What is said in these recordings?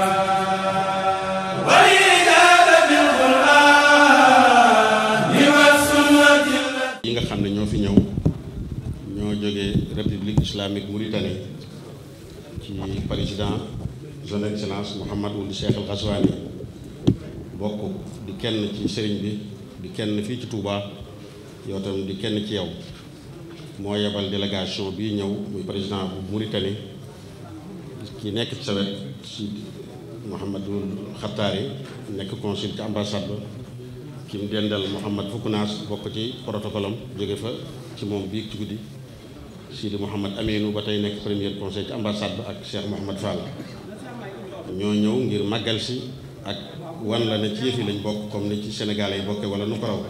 Amin fi ñëw ñoo jógee république islamique Mauritanie ci président son excellence Mouhamad Ould Cheikh Al Ghazouani bokk di kenn ci sëriñ bi di kenn fii ci Touba yow tam di kenn ci yow moo yebal délégation bi ñëw muy président bu Mauritanie ki nekk ci sa wet si Mouhamadul Xattaari nekk consul ci ambassade ba ki mu dendal Mouhamad Fukkunaas bokk ci protocole am jóge fa ci moom biig ci guddi Sidi Mouhamad Aminu ba tey nekk premier conseil ci ambassade ba ak Cheikh Mouhamad Fall ñoo ñëw ngir màggal si ak wan la ne ci yëf yi lañ bokk comme ni ci Sénégal yi bokkee wala nu ko raw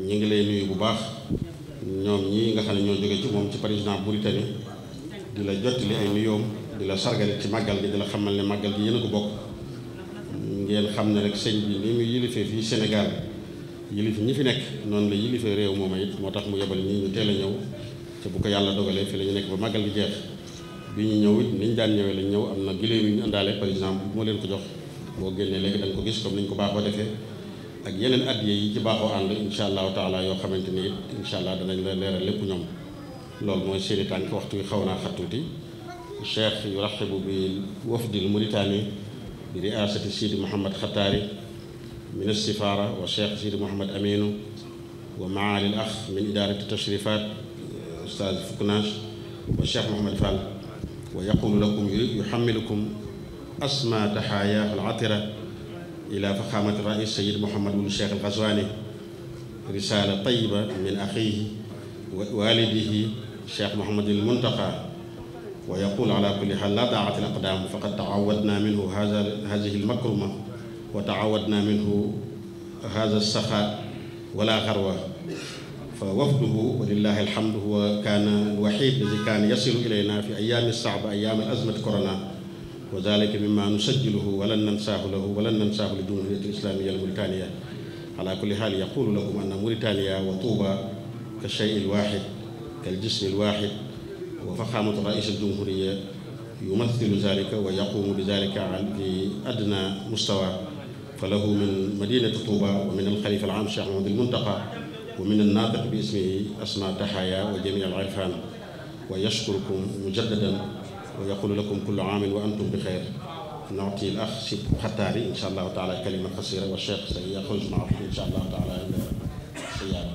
ñu ngi lay nuyu bu baax ñoom ñii nga xam ne ñoo jóge ci moom ci président Mauritanie di la jottali ay nuyoom di la sargale ci màggal bi di la xamal ne màggal gi yéen ko bokk. ngeen xam na rek sëñ bi ni mu yilife fii Sénégal yilif ñi fi nekk noonu la yilife réew moom it moo tax mu yebal ñi ñu teel a ñëw te bu ko yàlla dogalee fi la ñu nekk ba màggal gi jeex bi ñu ñëw it niñ daan ñëwee lañ ñëw am na giléem yu ñu àndaale par exemple moo leen ko jox boo génnee léegi da ko gis comme ni ñu ko baaxoo defee ak yeneen addiya yi ci baaxoo ànd incha allahu taala yoo xamante ni incha allah danañ la leeral lépp ñoom loolu mooy seeni tànk waxtu wi xaw naa xattuuti cheikh yuraxibu bi wafdil Mauritanie bi riasati Sidi Mouhamed Xataari min assifaara wa cheikh Sidi Mouhamed Aminu wa maali al ax min idaarati tashrifat ustaz Fuknaas wa cheikh Mouhamed Fall wa yaqum lakum yuxammilukum asma taxaayaahu al atira ila faxaamati rais Sayid Mouhamed wul cheikh al Xaswaani risaala tayiba min axiihi wa waalidihi cheikh Mouhamed al Muntaqa wa yaqul ala kulli xaal laa taa'atil aqdaam faqad taawadna minhu haza hazihi almakruma wa taawadna minhu haza alsaxaa wala xarwa fa wafduhu walillahi alhamdu huwa kaana alwaxiid alladi kaana yasilu ilayna fi ayaami alsaxba ayaami alazmati korona wa dalika mima nusajjiluhu walan nansaahu lahu walan nansaahu li jumhuriyati alislaamiya almuritaaniya ala kulli xaal yaqulu lakum anna muritaaniya wa tuuba ka shay'i alwaaxid ka aljismi alwaaxid wa faqaamatu raïs aljumhuria yumathilu zalika wa yaqumu bi zalika fi adna mustawa fa lahu min madinati tuuba wa min alxalifa al aam cheikh mahmad al muntaqa wa min annaatiq bi ismihi asma taxaya wa jami al irfan wa yashkurukum mujaddadan wa yaqulu lakum kullu aamin wa antum bi xeyr نعطي الأخ سيد خطاري إن شاء الله تعالى كلمة قصيرة والشيخ سيخرج معه إن شاء الله تعالى السيارة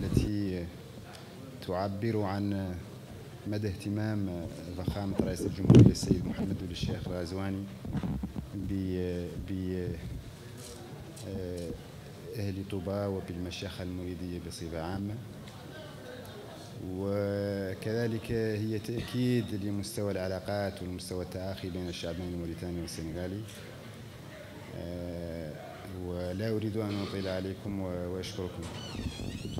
التي تعبر عن مدى اهتمام فخامة رئيس الجمهورية السيد محمد ولي الشيخ رازواني ب أهل طوبى وبالمشيخة المريدية بصفة عامة وكذلك هي تأكيد لمستوى العلاقات والمستوى التآخي بين الشعبين الموريتاني والسنغالي ولا أريد أن أطيل عليكم وأشكركم